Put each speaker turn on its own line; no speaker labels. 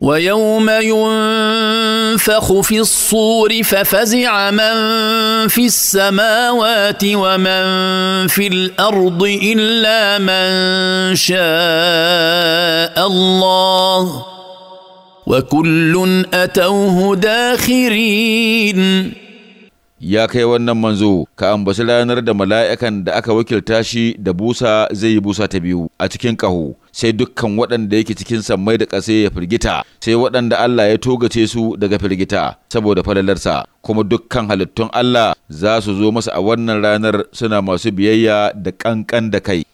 ويوم ينفخ في الصور ففزع من في السماوات ومن في الارض الا من شاء الله وكل اتوه داخرين
ya kai wannan manzo ka ambaci ranar da mala'ikan da aka wakilta shi da busa zai yi busa ta biyu a cikin ƙaho sai dukkan waɗanda yake cikin sammai da ƙasa ya firgita sai waɗanda Allah ya togace su daga firgita saboda falalarsa kuma dukkan halittun Allah za su zo masa a wannan ranar suna masu biyayya da ƙanƙan
da kai